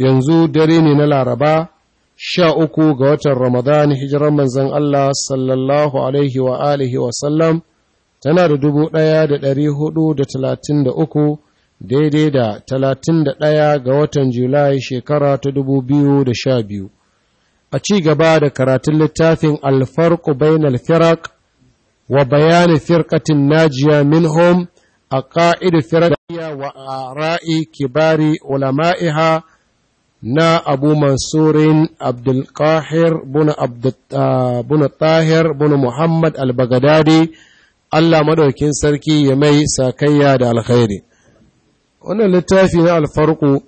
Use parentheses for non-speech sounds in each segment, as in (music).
yanzu dare ne na laraba sha uku ga watan ramadan hijiran manzan Allah sallallahu alaihi wa alihi wa tana da dubu ɗaya da ɗari hudu da talatin da uku daidai da talatin da ɗaya ga watan julai shekara ta dubu biyu da sha biyu a ci gaba da karatun littafin alfarku bainal firak wa bayani firkatin najiya home a ƙa'idar firakiyya wa a ra'i kibari ulama'iha na abu mansurin abdulkahir buna ah, tahir buna muhammad albagadadi allah maɗaukin sarki ya mai sakayya da alkhairi wannan littafi na alfarku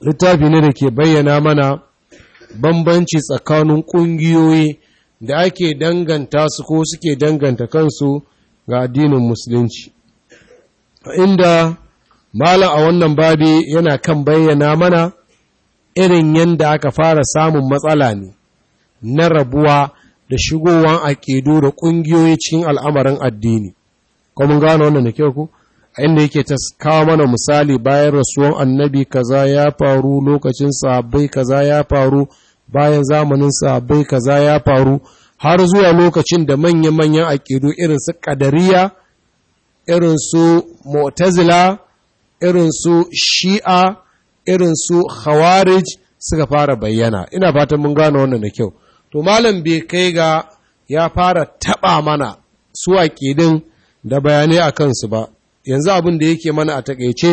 littafi ne da ke bayyana mana bambanci tsakanin ƙungiyoyi da ake danganta su ko suke danganta kansu ga addinin musulunci inda Malam a wannan babi yana kan bayyana mana irin yadda aka fara samun matsala ne na rabuwa da shigowan aƙidu da ƙungiyoyi cikin al'amarin addini. Kuma gano wannan da kyau ku? A inda yake ta kawo mana misali bayan rasuwan annabi kaza ya faru lokacin sahabbai kaza ya faru bayan zamanin sahabbai kaza ya faru har zuwa lokacin da manya-manyan aƙidu irin su ƙadariya, irin su mu'tazila, irin su shi'a irin su khawarij suka fara bayyana ina fatan mun gano wannan da kyau to malam bai kai ga ya fara taɓa mana su aƙidin da bayanai a kansu ba yanzu abin da yake mana a taƙaice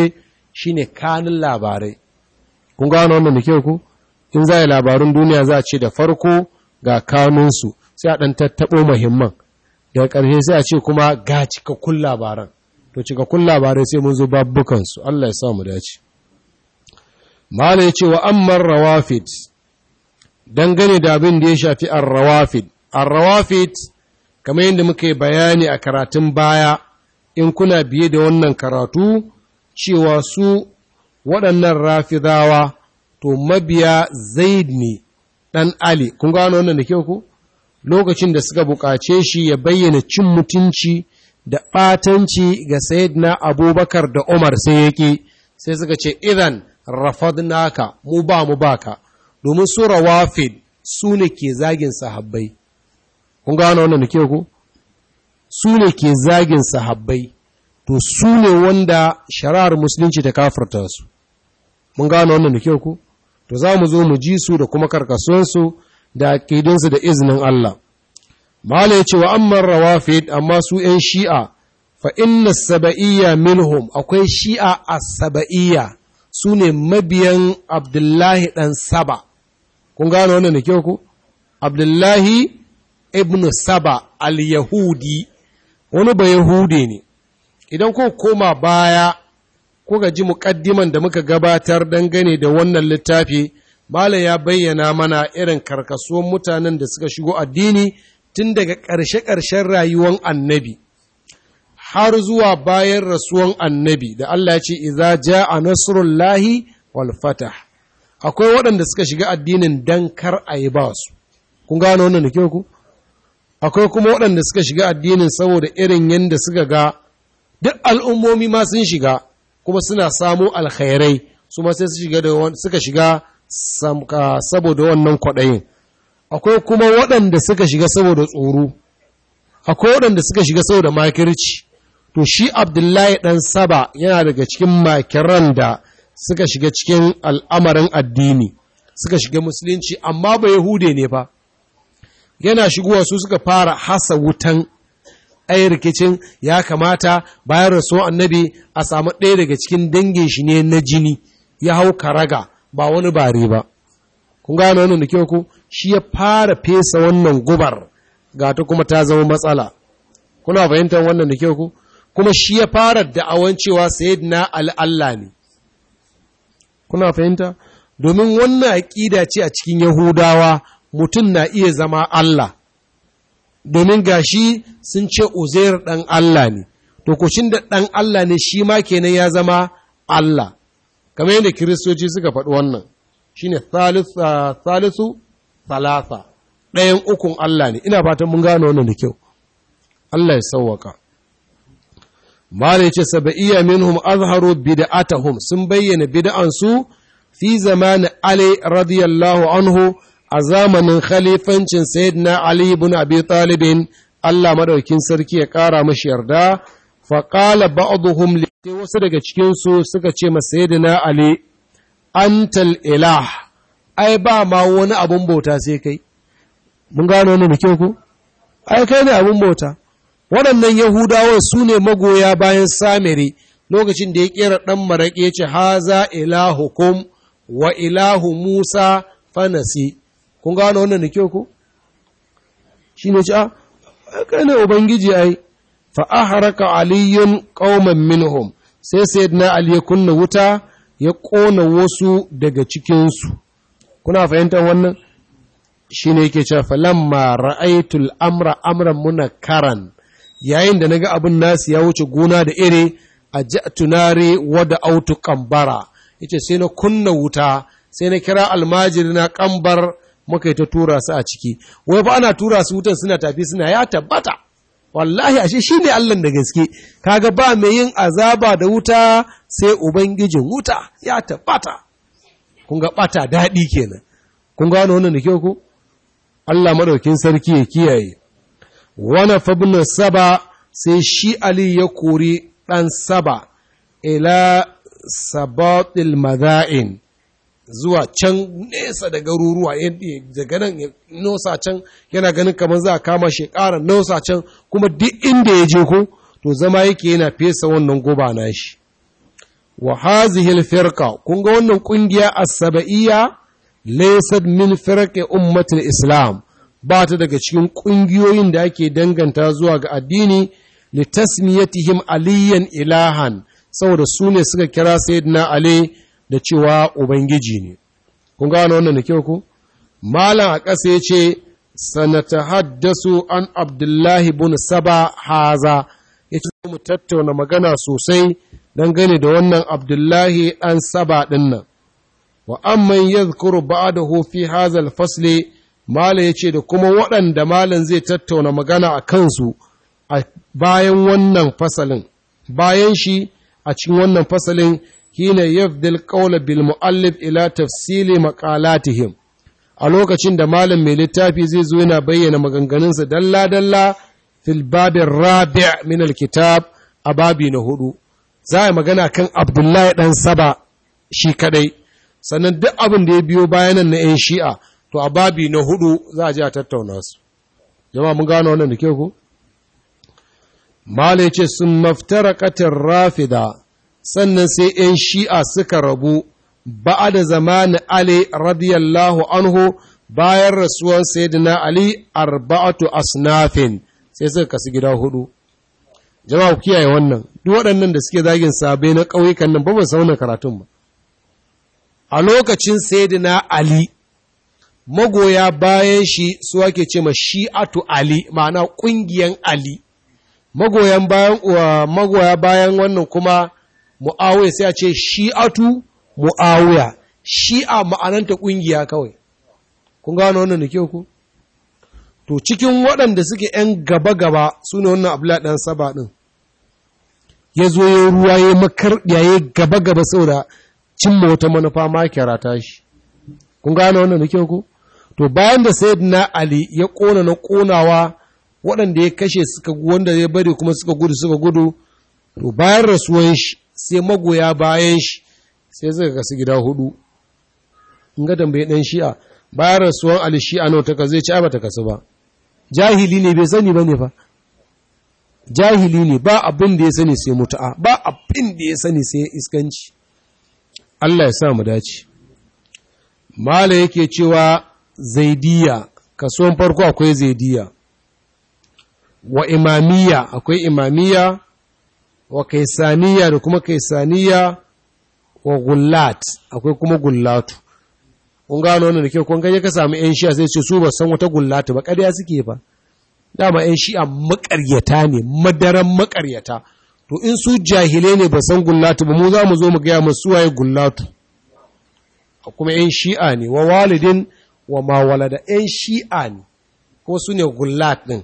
shine kanin labarai kun gano wannan da kyau ku in za yi labarun duniya za a ce da farko ga kanunsu sai a ɗan tattaɓo muhimman daga ƙarshe sai a ce kuma ga cikakkun labaran to cikakkun labarai sai mun zo babbukansu Allah ya sa mu dace mala ya ce wa ammar rawafid dangane da abin da ya shafi arrawafid rawafid kamar yadda muka yi bayani a karatun baya in kuna biye da wannan karatu cewa su waɗannan rafidawa to mabiya zaid ne ɗan ali kun gano wannan da ke ku lokacin da suka buƙace shi ya bayyana cin mutunci da ɓatanci ga Sayyidina Abubakar da Umar sai yake sai suka ce idan rafadnaka mu ba mu baka domin sura wafin su ne ke zagin sahabbai kun gano wannan da ku su ne ke zagin sahabbai to su ne wanda shari'ar musulunci ta kafarta su mun gano wannan da ku to za mu zo mu ji su da kuma karkasuwansu da akidinsu da izinin Allah mala ya ce wa amman rawafid amma su ‘yan shi'a fa inna saba'iyya minhum akwai shi'a a saba'iyya su ne mabiyan abdullahi ɗan saba kun gano wannan da kyau ku abdullahi ibn saba al-yahudi wani ba yahudi ne idan ko koma baya kuka ji muƙaddiman da muka gabatar gane da wannan littafi Malam ya bayyana mana irin karkasuwan mutanen da suka shigo addini tun daga ƙarshe-ƙarshen rayuwar annabi har zuwa bayan rasuwan annabi da Allah ya ce iza ja a nasrullahi wal fatah akwai waɗanda suka shiga addinin dan kar a yi ba su kun gano wannan da kyau ku akwai kuma waɗanda suka shiga addinin saboda irin yadda suka ga duk al'ummomi ma sun shiga kuma suna samo alkhairai su ma sai suka shiga saboda wannan kwaɗayin akwai kuma waɗanda suka shiga saboda tsoro akwai waɗanda suka shiga saboda makirci to shi abdullahi ɗan saba yana daga cikin makiran da suka shiga cikin al'amarin addini suka shiga musulunci amma ba hude ne ba yana shigowa su suka fara hasa wutan ai rikicin ya kamata bayan rasuwan annabi a samu ɗaya daga cikin dangin shi ne na jini ya hau karaga ba wani bare ba kun gane wannan da kyau ku shi ya fara fesa wannan gubar ga ta kuma ta zama matsala kuna fahimtar wannan da kyau ku kuma shi ya fara da'awan cewa na al'alla ne kuna fahimta domin wannan aƙida ce a cikin yahudawa mutum na iya zama Allah domin gashi sun ce uzair ɗan Allah ne to kucin da ɗan Allah ne shi ma kenan ya zama Allah kamar yadda kiristoci suka faɗi wannan shine thalithu salasa ɗayan ukun Allah ne ina fatan mun gano wannan da kyau Allah ya sauwaka mala sab'iyya minhum azharu bid'atahum sun bayyana su fi zamani Ali radiyallahu anhu a zamanin khalifancin sayyidina Ali ibn Abi Talib Allah madaukin sarki ya kara mashi yarda fa qala ba'dhum li wasu daga cikin su suka ce ma sayyidina Ali antal ilah ai ba ma wani abun bauta sai kai mun gano wannan da kyau ko ai kai ne abun bauta waɗannan yahudawa su ne magoya bayan samiri lokacin da ya kera ɗan maraƙi ya ce haza ilahukum wa ilahu musa fanasi kun gano wannan da kyau ko shi ne ci ah, a kai ne ubangiji ai fa ahraka aliyun qauman minhum sai sayyidina ali ya kunna wuta ya ƙona wasu daga cikinsu kuna fahimtar wannan shi ne yake cewa falamma ra'aitul amra amran muna karan yayin da naga abin nasu ya wuce gona da iri a tunare wada autu kambara yace sai na kunna wuta sai na kira almajiri na kambar muka yi ta tura su a ciki wai ba ana tura su wutan suna tafi suna ya tabbata wallahi ashe shi ne allan da gaske kaga ba mai yin azaba da wuta sai ubangijin wuta ya tabbata kun ga ɓata daɗi kenan kun gano wannan da kyau ku? Allah madaukin sarki ya kiyaye wana fabna saba sai shi ali ya kori ɗan saba ila sabatil maza'in zuwa can nesa da garuruwa daga nan nosa can yana ganin kamar za a kama shi ƙara nosa can kuma duk inda ya je ku, to zama yake yana fesa wannan goba na shi wa hazihil firqa kun ga wannan kungiya as-sab'iyya laysat min firqi ummatil islam ba ta daga cikin kungiyoyin da ake danganta zuwa ga addini li tasmiyatihim aliyan ilahan saboda su ne suka kira sayyidina ali da cewa ubangiji ne kun gano wannan da kyau ku malam a ƙasa ya ce an abdullahi bin saba haza ya ce mu tattauna magana sosai dangane da wannan abdullahi ɗan saba ɗin nan wa amman yadhkuru ba'dahu fi hadha al-fasli mala yace da kuma waɗanda malam zai tattauna magana a kansu bayan wannan fasalin bayan shi a cikin wannan fasalin hina yafdil qawla bil muallif ila tafsili maqalatihim a lokacin da malam mai littafi zai zo yana bayyana maganganunsa dalla dalla fil babir rabi' min al-kitab a babi na hudu za a yi magana kan abdullahi ɗan saba shi kadai sannan duk abin da ya biyo bayanan na 'yan shi'a to a babi na hudu za a je a tattauna su jama mun gano wannan da ke ku mala ce sun maftara katin rafida sannan sai 'yan shi'a suka rabu ba'ada da zamanin ali radiyallahu anhu bayan rasuwan sayyidina ali arba'atu asnafin sai suka kasu gida hudu jama'a ku kiyaye wannan duk waɗannan da suke zagin sabai na ƙauyukan nan ba ba sauna karatun ba a lokacin sayyidina ali magoya bayan shi su ake ce ma shi'atu ali ma'ana ƙungiyan ali magoyan bayan magoya bayan wannan kuma mu'awiya sai a ce shi'atu mu'awiya shi'a ma'ananta ƙungiya kawai kun gano wannan da ke ku to cikin waɗanda suke ‘yan gaba-gaba su ne wannan abu ɗan saba ɗin ya zo ya ruwa ya makar yi gaba gaba saboda cimma wata manufa ma kira ta shi kun gane wannan da ku to bayan da na ali ya kona na konawa waɗanda ya kashe suka wanda ya bari kuma suka gudu suka gudu to bayan rasuwan shi sai magoya bayan shi sai suka kasu gida hudu in ga tambaye ɗan shi'a bayan rasuwan ali shi'a nawa ta kasu zai ci ba ta kasu ba jahili ne bai sani ba ne fa jahili ne ba abin da ya sani sai mutu'a ba abin da ya sani sai iskanci Allah ya sa mu dace mala yake cewa zaidiya kasuwan farko akwai zaidiya wa imamiya akwai imamiya wa kaisaniya da kuma kaisaniya wa gullat akwai kuma gullatu kun gano wannan da kyau kun ka samu yan shi sai ce su ba san wata gullatu ba ƙarya suke ba dama 'yan shi'a makaryata ne madaran makaryata to in su jahilai ne ba san gullatu ba mu za mu zo mu gaya masu waye gullatu a kuma 'yan shi'a ne wa walidin wa mawala da 'yan shi'a ne ko su ne gullat ɗin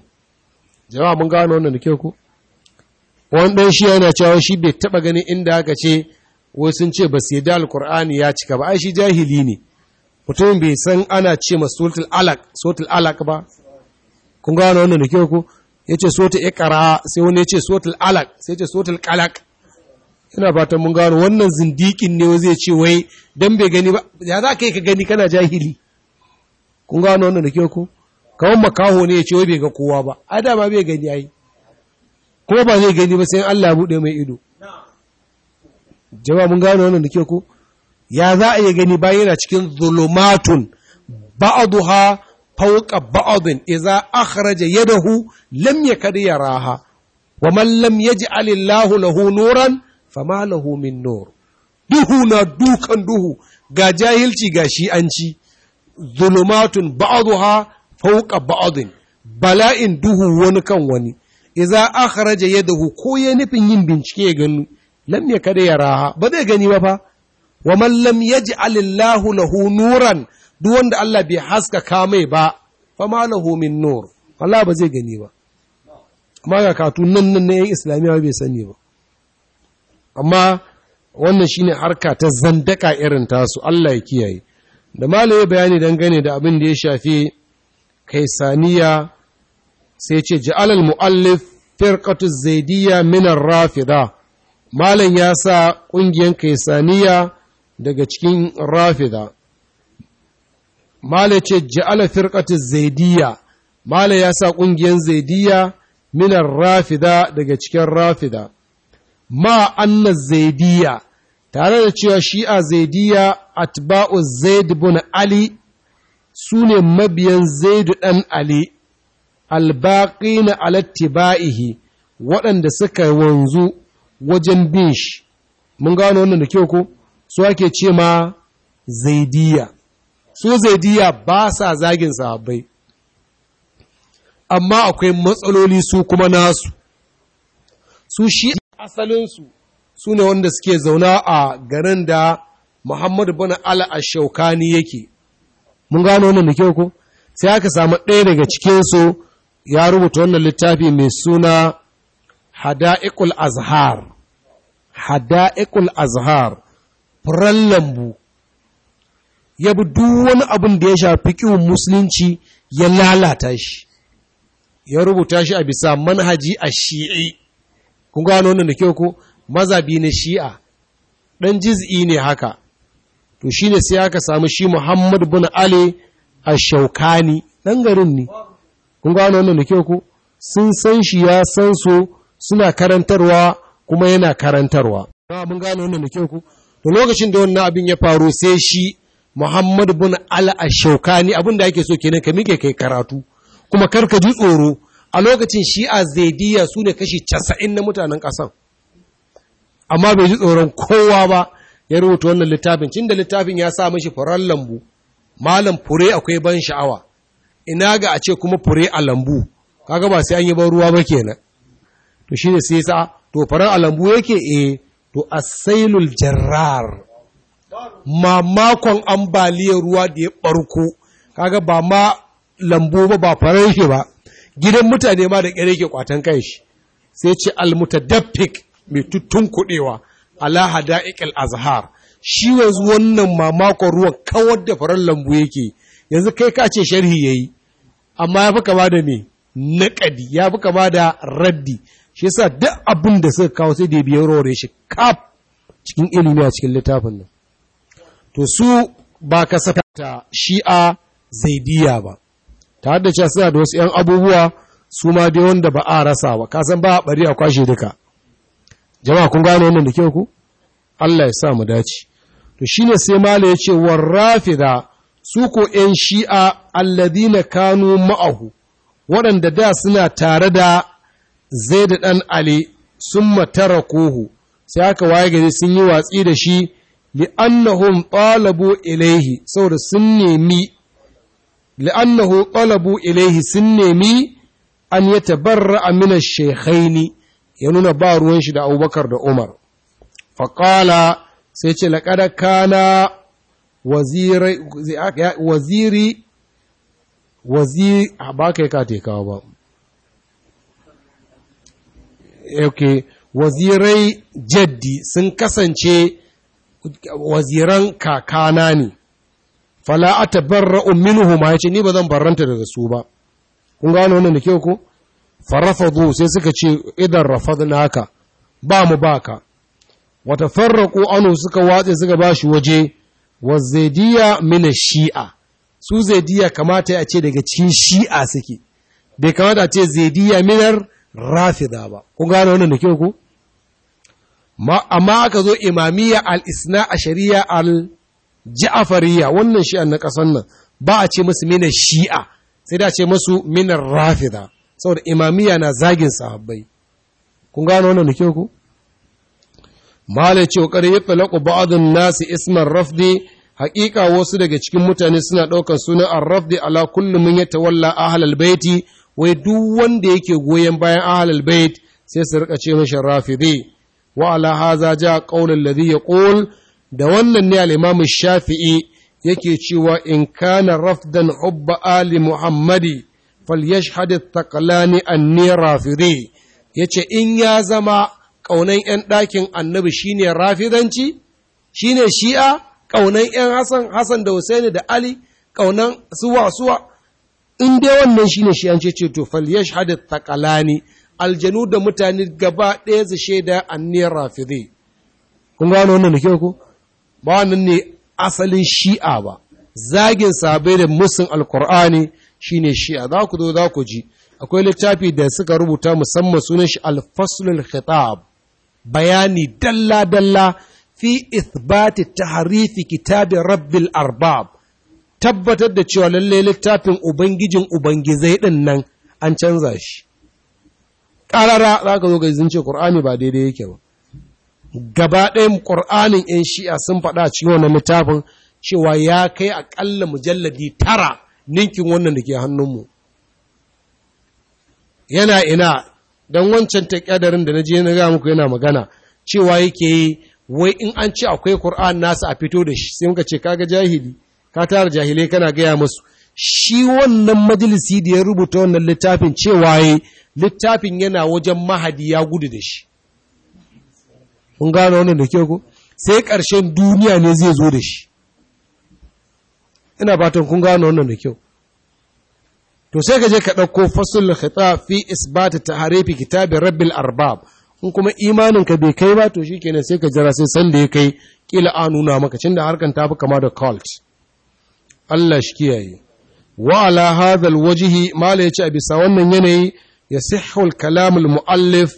mun gano wannan da ke ku wani ɗan shi yana cewa shi bai taɓa ganin inda aka ce wai sun ce ba sai da alkur'ani ya cika ba ai shi jahili ne mutum bai san ana ce ma sotul alak alaq ba kun gano wannan da kyau ku? ya ce sota ikara sai wani ya ce sotu alak sai ya ce sotu qalaq ina fatan mun gano wannan zindikin ne zai ce wai dan bai gani ba ya za ka yi ka gani kana jahili kun gano wannan da kyau ku kawai makaho ne ya ce wai bai ga kowa ba a dama bai gani yi ko ba zai gani ba sai Allah ya mai ido jama'a mun gano wannan da kyau ku? ya za a yi gani bayan yana cikin zulumatun ba'daha fauka ba'adin iza akhraja yadahu lam yakad yaraha wa man lam yaj'al Allahu lahu nuran fama lahu min nur duhu na dukan duhu ga jahilci ga shi'anci zulumatun ba'daha fauƙa ba'adin bala'in duhu wani kan wani iza akhraja yadahu ko ya nufin yin bincike ya gani lam yakad yaraha ba zai gani ba fa wa man lam yaj'al Allahu duk wanda Allah bai haskaka mai ba fa malahu min nur Allah ba zai gani ba amma ga katu nan nan ne islamiyya bai sani ba amma wannan shine harka ta zandaka irin tasu Allah ya kiyaye da malaye bayani dangane da abin da ya shafi kaisaniya sai ce ja'alal mu'allif firqatu zaidiyya min rafida malam ya sa ƙungiyar kaisaniya daga cikin rafida mala ce ja'ala firqatu zaidiyya mala ya sa ƙungiyar zaidiyya minar rafida daga cikin rafida ma anna zaidiyya tare da cewa shi'a zaidiyya atba'u zaid bin ali su ne mabiyan zaid dan ali albaqina ala tibaihi waɗanda suka wanzu wajen bin shi mun gano wannan da kyau ko su ake ce ma zaidiyya su zaidiya ba sa zagin sahabbai amma akwai matsaloli su kuma nasu su shi asalinsu su ne wanda suke zauna a garin da muhammadu bin shaukani yake mun gano wannan da kyau ko sai aka samu ɗaya daga cikinsu ya rubuta wannan littafi mai suna hada'ikul azhar hada'ikul azhar furen lambu ya bi duk wani abin da ya shafi kiwon musulunci ya lalata shi ya rubuta shi a bisa manhaji a shi'i kun gano wannan da kyau ko mazabi na shi'a Ɗan jiz'i ne haka to shi ne sai aka samu shi Muhammadu bin Ali a shaukani dan garin ne kun gano wannan da kyau ko sun san shi ya san so suna karantarwa kuma yana karantarwa mun gano wannan da kyau ko to lokacin da wannan abin ya faru sai shi Muhammad bin al abin da ake so kenan ka mike kai karatu kuma kar ka ji tsoro a lokacin shi'a zaidiya su ne kashi casa'in na mutanen ƙasan amma bai ji tsoron kowa ba ya rubuta wannan littafin cin da littafin ya sa mashi furen lambu malam fure akwai ban sha'awa ina ga a ce kuma fure a lambu kaga ba sai an yi ban ruwa ba kenan to shine sai sa to furen a lambu yake eh to asailul jarrar mamakon ambaliyar ruwa da ya ɓarko kaga ba ma lambu ba ba farar shi ba gidan mutane ma da ƙyar yake kwatan kai shi sai ce almutadaffik mai tuttun kuɗewa ala hada'iqal azhar shi yanzu wannan mamakon ruwan kawar da farar lambu yake yanzu kai ka ce sharhi yayi amma ya fi kama da me naƙadi ya fi kama da raddi shi yasa duk abin da suka kawo sai da biyar rore shi kaf cikin ilimi a cikin littafin nan to su ba ka ta shi'a zaidiya ba ta da cewa suna da wasu 'yan abubuwa su ma dai wanda ba a rasa ba kasan ba a bari a kwashe duka jama'a kun gane wannan da kyau ku Allah ya sa mu dace to shine sai mala ya ce da su ko 'yan shi'a alladina kanu ma'ahu waɗanda da suna tare da zai da ɗan ali matara kohu, sai haka waye gari sun yi watsi da shi li'annahum talabu ilaihi saboda li'annahu talabu ilaihi sun nemi an ya tabarra amina shekhaini ya nuna ba ruwan shi da abubakar da umar faƙala sai ce laƙada kana ba ka yi wazirai jaddi sun kasance waziran kakana ne fala atabarra'u minhum ya ce ni ba zan barranta daga su ba kun gano wannan da ke ko farafadu sai suka ce idan ka ba mu baka wata farraku anu suka watse suka bashi waje wa zaidiya mina shi'a su zaidiya kamata ya ce daga cikin shi'a suke bai kamata a ce zaidiya minar rafida ba kun gano wannan da ke ko. amma aka zo imamiyya al'isna, a shari'a al wannan shi'an na ƙasan nan ba a ce musu mina shi'a sai da ce musu minar rafida saboda imamiya na zagin sahabbai kun gano wannan da ku malai ce ya talaku ba'adun nasi isman rafdi haƙiƙa wasu daga cikin mutane suna ɗaukar sunan ar-rafdi ala kullum ya tawalla ahlal baiti wai duk wanda yake goyon bayan ahlal bait sai su rika ce mashi rafidi wa ala haza ja qaulul alladhi yaqul da wannan ne al-imam shafi'i yake cewa in kana rafdan hubba ali muhammadi falyashhad at-taqlani anni rafidi yace in ya zama kaunan yan ɗakin annabi shine rafidanci shine shi'a kaunan yan hasan hasan da husaini da ali kaunan suwa suwa in dai wannan shine an ce to falyashhad at-taqlani aljanu da mutane gaba ɗaya su shaida anniyar rafidi kun gano wannan da kyau ko ba wannan ne asalin shi'a ba zagin sabai da musun alkur'ani shine shi'a za ku zo za ku ji akwai littafi da suka rubuta musamman sunan shi alfasulun khitab bayani dalla dalla fi ithbati tahrifi kitabin rabbil arbab tabbatar da cewa lallai littafin ubangijin ubangizai din nan an canza shi ƙarara za ka zo ga izin ce ƙur'ani ba daidai yake ba gaba ɗayan ƙur'anin 'yan shi'a sun faɗa cikin wannan littafin cewa ya kai aƙalla mujalladi tara ninkin wannan da ke hannunmu yana ina don wancan taƙadarin da na je na ga muku yana magana cewa yake yi wai in an ce akwai ƙur'an nasa a fito da shi sai muka ce kaga jahili ka tara jahilai kana gaya musu shi wannan majalisi da ya rubuta wannan littafin cewa yi littafin yana wajen mahadi ya gudu da shi Kun gano wannan da kyau ko sai ƙarshen duniya ne zai zo da shi ina fatan kun gano wannan da kyau to sai ka je ka ɗauko fasul khita fi isbata taharifi kitabin rabbil arbab Kun kuma imanin ka bai kai ba to shikenan sai ka jira sai san da ya kai kila a nuna maka cinda harkan ta fi kama da cult Allah shi kiyaye wa ala hadha alwajhi mala yace a bisa wannan yanayi ya sihul kalamul mu'allif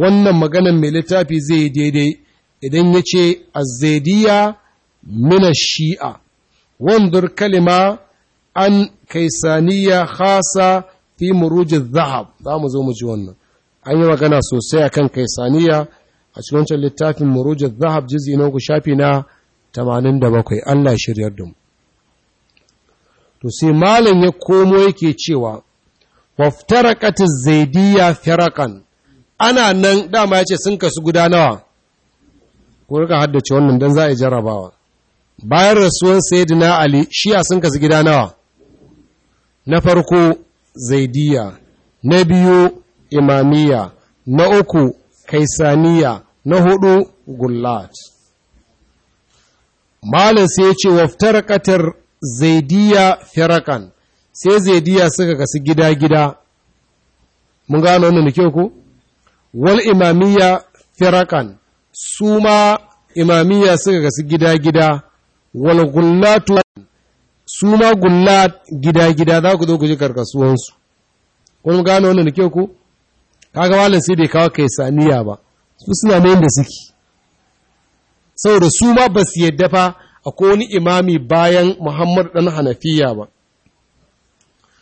wannan maganan mai littafi zai daidai idan ya ce azzaidiya mina shi'a wandur kalima an kaisaniya khasa fi murujin zahab za mu zo mu ji wannan an yi magana sosai akan kaisaniya a cikin wancan littafin murujin zahab jizi na ku shafi na 87 Allah shiryar da mu to sai malam ya komo yake cewa katar zaidiyya firaqan ana nan dama yace sun kasu guda nawa ko rika haddace wannan dan za a jarabawa bayan rasuwan sayyidina ali shiya sun kasu gida nawa na farko zaidiya na biyu imamiyya na uku kaisaniya na hudu gullat malin sai ya ce katar zaidiya firakan sai zaidiya suka kasu gida-gida mun gano wannan da kyau ku. wal imamiya firakan su ma imamiya suka kasu gida-gida wal gullatu su ma gullat gida-gida za ku zo ku ji karkasuwansu kun gano wannan da kyau Ka kaga malam sai bai kawo kai saniya ba su suna ne da suke saboda su ma ba su yadda fa akwai wani imami bayan Muhammad dan Hanafiya ba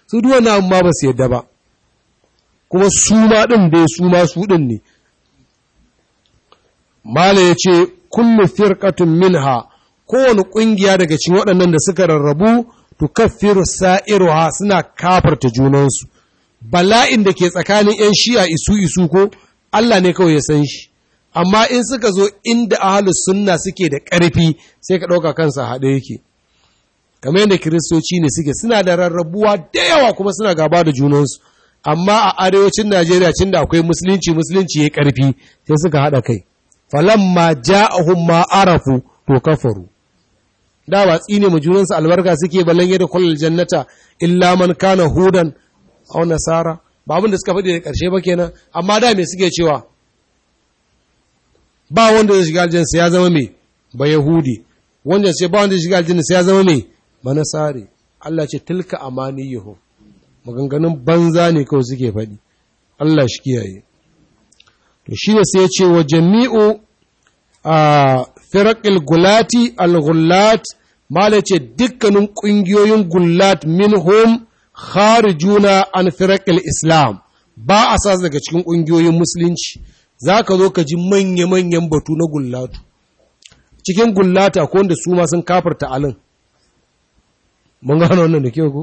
su duwa na amma ma ba su yadda ba kuma su ma ɗin bai su ma su ɗin ne mala ya ce kullu firqatun minha kowane ƙungiya daga cikin waɗannan da suka rarrabu to tukaffiru sa'iruha suna kafarta junansu bala'in da ke tsakanin 'yan shi'a isu isu ko Allah ne kawai ya san shi amma in suka zo inda ahalus sunna suke da ƙarfi sai ka ɗauka kansa haɗe yake kamar yadda kiristoci ne suke suna da rarrabuwa da yawa kuma suna gaba da junansu amma a arewacin najeriya cin da akwai musulunci musulunci ya karfi sai suka haɗa kai falamma ja'ahum ma arafu to kafaru da ba ne mu junansu albarka suke ballan yadda kullal jannata illa man kana hudan aw nasara ba abin da suka faɗi da ƙarshe ba kenan amma da me suke cewa ba wanda zai shiga aljanna ya zama me ba yahudi wanda sai ba wanda zai shiga aljanna ya zama me manasari Allah ce tilka amaniyuhum maganganun banza ne kawai suke faɗi Allah shi kiyaye to shi ne sai ce wa jami'u a firaqil gulati al gullat mala ce dukkanin ƙungiyoyin gullat minhum kharijuna an firaqil islam ba a sa daga cikin ƙungiyoyin musulunci za ka zo ka ji manya-manyan batu na gullatu cikin gullata ko wanda su ma sun kafarta alin mun gano wannan da kyau ko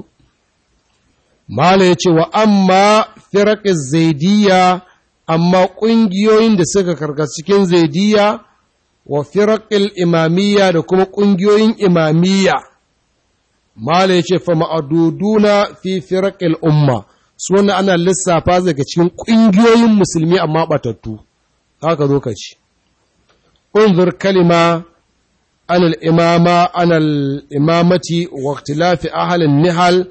mala ya ce wa amma firaƙi zaidiya amma ƙungiyoyin da suka karkar cikin zaidiya wa firaƙil imamiya da kuma ƙungiyoyin imamiya. mala ya ce fa ma'aduduna fi firaƙil umma su wannan ana lissafa daga cikin ƙungiyoyin musulmi amma ɓatattu haka zo ka ci unzur kalima عن الإمامة عن الإمامة واختلاف أهل النهل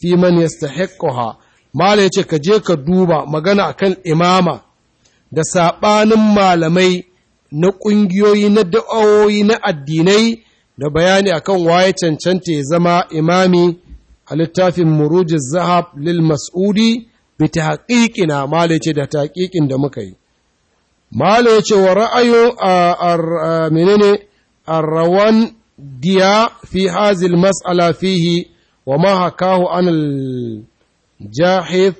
في من يستحقها ما ليش كجيك دوبا مغانا كان إمامة da saɓanin malamai na ƙungiyoyi na da'o'i na addinai da bayani akan waye cancanta ya zama imami a littafin murujin zahab lil mas'udi bi ta haƙiƙina mala ce da ta haƙiƙin da muka yi mala ce wa ra'ayo a menene الروان ديا في matsala المسألة wa mahakahu حكاه عن الجاحظ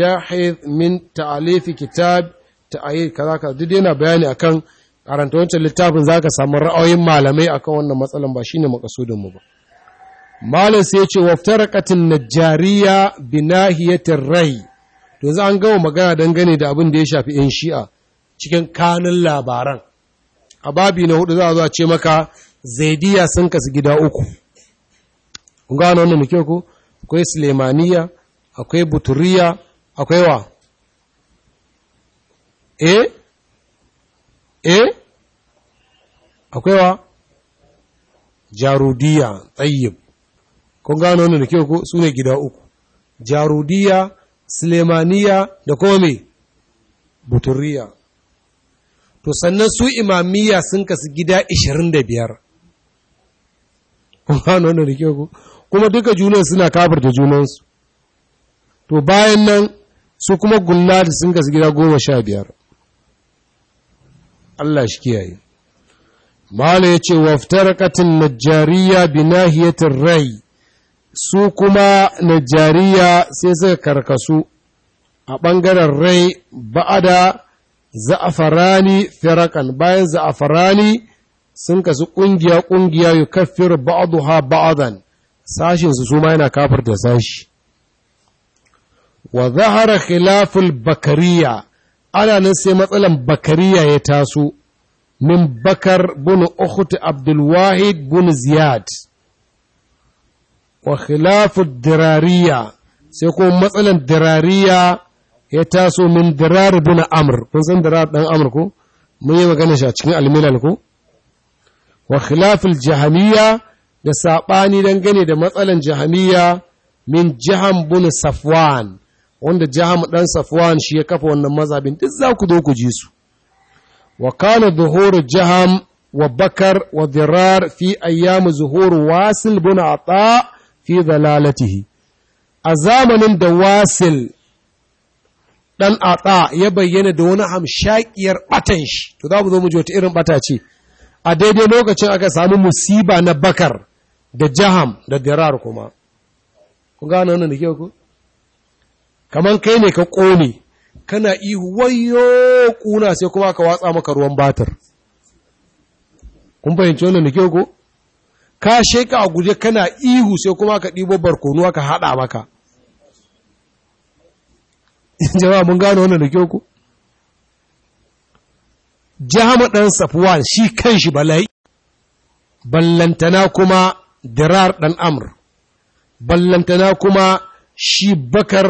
جاحظ من تعليف كتاب تأييد كذا كذا دينا بياني أكن karanta wancan littafin za ka samu ra'ayoyin malamai akan wannan matsalar ba shine mu ba malam sai ce waftaraqatin najariya binahiyatir rai to za an gama magana dangane da abin da ya shafi yan shi'a cikin kanun labaran a babi na hudu za a zuwa ce maka zaidiya sun kasu gida uku gano wannan muke ku akwai sulemaniya akwai buturiya akwai wa E? E? akwai wa jarudiya tsayyib kun gano wannan muke ku su ne gida uku jarudiya sulemaniya da kome buturiya to sannan su imamiyya sun kasu gida 25 kuma duka junan suna kafarta junansu to bayan nan su kuma gulla da sun kasu gida 15 Allah shi kiyaye Mala ya ce, Waftarakatin Najariya bi nahiyatin rai, su kuma Najariya sai suka karkasu a ɓangaren rai ba'ada za'afarani firakan bayan za'afarani sun kasu ƙungiya ƙungiya yi kafir ha ba'adan sashinsu su ma yana kafarta sashi wa zahara khilaful bakariya ana nan sai matsalan bakariya ya taso min bakar bin Uhud abdulwahid bin ziyad wa khilaful dirariya sai kuma matsalan dirariya ya taso min dirar bin amr kun san dirar dan amr ko mun yi magana shi a cikin almilal ko wa khilafil jahamiyya da sabani dangane da matsalan jahamiyya min jaham bin safwan wanda jaham dan safwan shi ya kafa wannan mazhabin duk za ku zo ku ji su wa kana zuhuru jaham wa bakar wa dirar fi ayyam zuhuru wasil bin ata fi dalalatihi a zamanin da wasil ɗan atsa ya bayyana da wani hamshakiyar ɓatan shi to za mu zo mu ji wata irin ɓata ce a daidai lokacin aka samu musiba na bakar da jaham da dirar kuma kun gane wannan da ku Kaman kai ne ka ƙone kana ihu wayo kuna sai kuma ka watsa maka ruwan batir kun fahimci wannan da ku ka sheka a guje kana ihu sai kuma ka ɗibo barkonuwa ka haɗa maka (laughs) jama'a mun gano wannan da kyau ku jihama ɗan safwan shi kanshi bala'i ballantana kuma dirar ɗan amr ballantana kuma shi bakar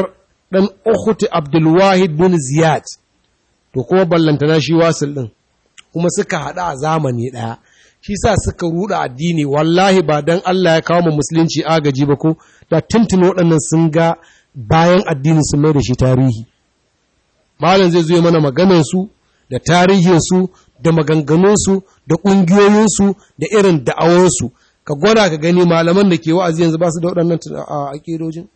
ɗan uhuti abdulwahid bin ziyad to kuma ballantana shi wasil din kuma suka haɗu a zamani ɗaya shi sa suka ruda addini wallahi ba dan Allah ya kawo mu musulunci agaji ba ko da tuntun waɗannan sun ga bayan addini sun mai da shi tarihi malam zai zuwa mana maganarsu da tarihinsu da maganganunsu da ƙungiyoyinsu da irin da'awarsu ka gwada ka gani malaman da ke wa'azi yanzu ba su da waɗannan aƙidojin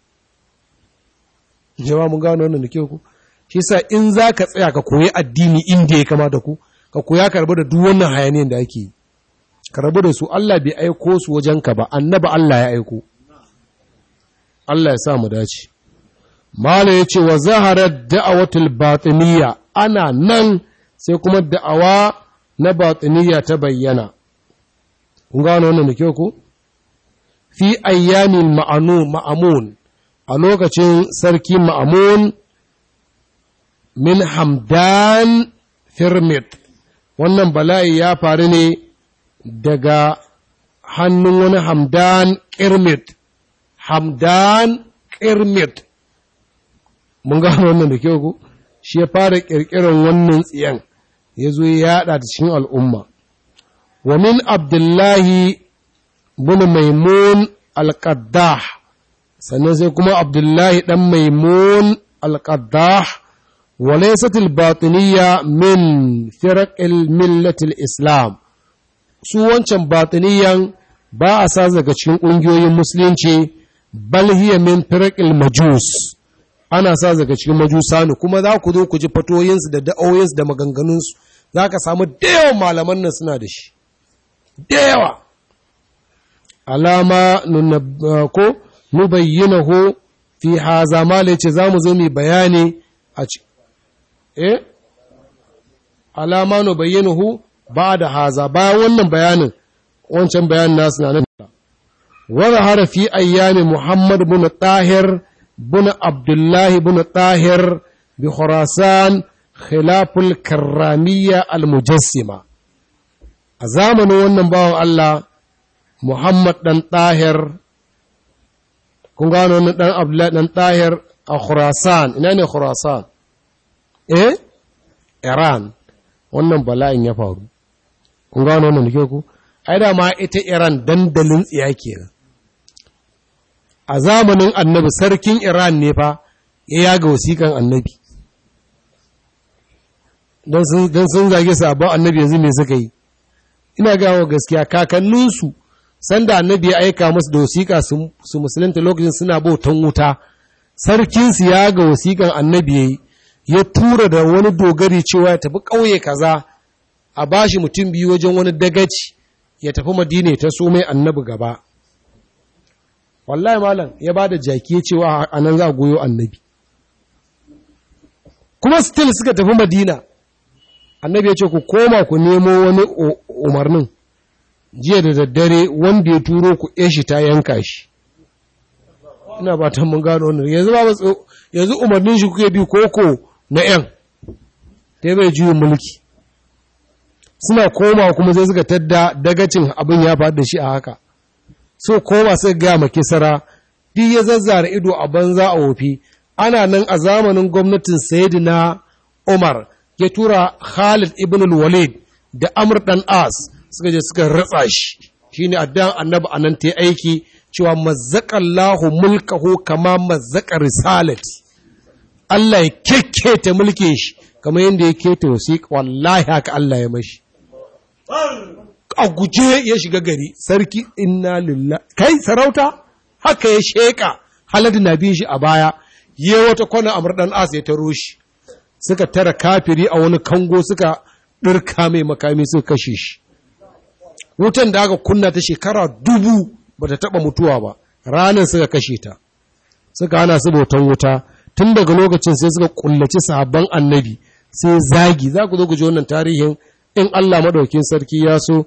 jama mun gano wannan da ke ku shi sa in za ka tsaya ka koyi addini inda ya kama ku ka koya ka rabu da duk wannan hayaniyar da ake yi ka rabu da su Allah bai aiko su ka ba annaba Allah ya aiko Allah ya sa mu dace Mala ya ce wa zaharar da'awatul batiniya ana nan sai kuma da'awa na batiniya ta bayyana. Kun gano wannan da kyau ku? Fi ayyamin ma'anu ma'amun a lokacin sarki ma'amun min hamdan firmit wannan bala'i ya faru ne daga hannun wani hamdan kirmit hamdan kirmit mun ga wannan da kyau ko shi ya fara ƙirƙirar wannan tsiyan ya zo ya yaɗa ta cikin al'umma wa min abdullahi bin maimun alƙaddah sannan sai kuma abdullahi ɗan maimun alƙaddah wa laysatil batiniya min firaqil millatil islam su wancan batiniyan ba a sa daga cikin ƙungiyoyin musulunci bal hiya min firaqil majus ana sa daga cikin ne kuma za ku zo ku ji fatoyinsu da da'oyinsu da maganganunsu za ka samu da yawan malaman nan suna da shi da yawa alama uh, ko bayyana ho fi haza male ce za mu zo mai bayani a ci eh alama bayyana ho ba da haza bayan wannan bayanin wancan bayanin nasu na nan wani harafi ayyami muhammad bin tahir بن عبد الله بن طاهر بخراسان خلاف الكرامية المجسمة أزامن ونباو الله محمد بن طاهر كنغانو بن عبد الله بن طاهر خراسان إنني خراسان إيه إيران wannan bala'in ya faru kun gano wannan da ku ai da ma ita Iran dandalin tsiya kenan a zamanin annabi sarkin iran ne fa ya yaga wasiƙan annabi don sun zage sabon annabi yanzu mai suka yi ina gawa gaskiya kakanninsu sanda annabi ya aika musu da wasiƙa su musulunta lokacin suna bautan wuta sarkinsu ya ga wasiƙan annabi ya yi ya tura da wani dogari cewa ya tafi ƙauye kaza a bashi mutum biyu wajen wani dagaci ya tafi madina ta so mai annabi gaba wallahi malam ya ba da jaki ya cewa a nan za a goyo annabi kuma still suka tafi madina annabi ya ce ku koma ku nemo wani umarnin jiya da daddare wanda ya turo ku shi ta yanka shi ina ba ta mun gano wani, yanzu ba yanzu umarnin shi kuke bi koko na yan ta bai juyin mulki suna koma kuma sai suka tadda dagacin abin ya faɗi da shi a haka so koma sai gaya ma kisara duk ya zazzara ido a banza a wofi ana nan a zamanin gwamnatin Sayyidina umar ya tura khalid ibn walid da amr dan as suka je suka ratsa shi shine addan annabi anan ta aiki cewa mazzaqallahu mulkahu kama mazzaqa risalati Allah ya ta mulkin shi kamar yadda ya ta wasiƙa wallahi haka Allah ya mashi a guje ya shiga gari sarki inna lillah kai sarauta haka ya sheka haladu na bin shi a baya ya wata kwana a dan as ya taro shi suka tara kafiri a wani kango suka ɗirka mai makami suka kashe shi wutan da aka kunna ta shekara dubu ba ta taɓa mutuwa ba ranar suka kashe ta suka hana su bautan wuta tun daga lokacin sai suka kullaci sabon annabi sai zagi za ku zo ku ji wannan tarihin in Allah maɗaukin sarki ya so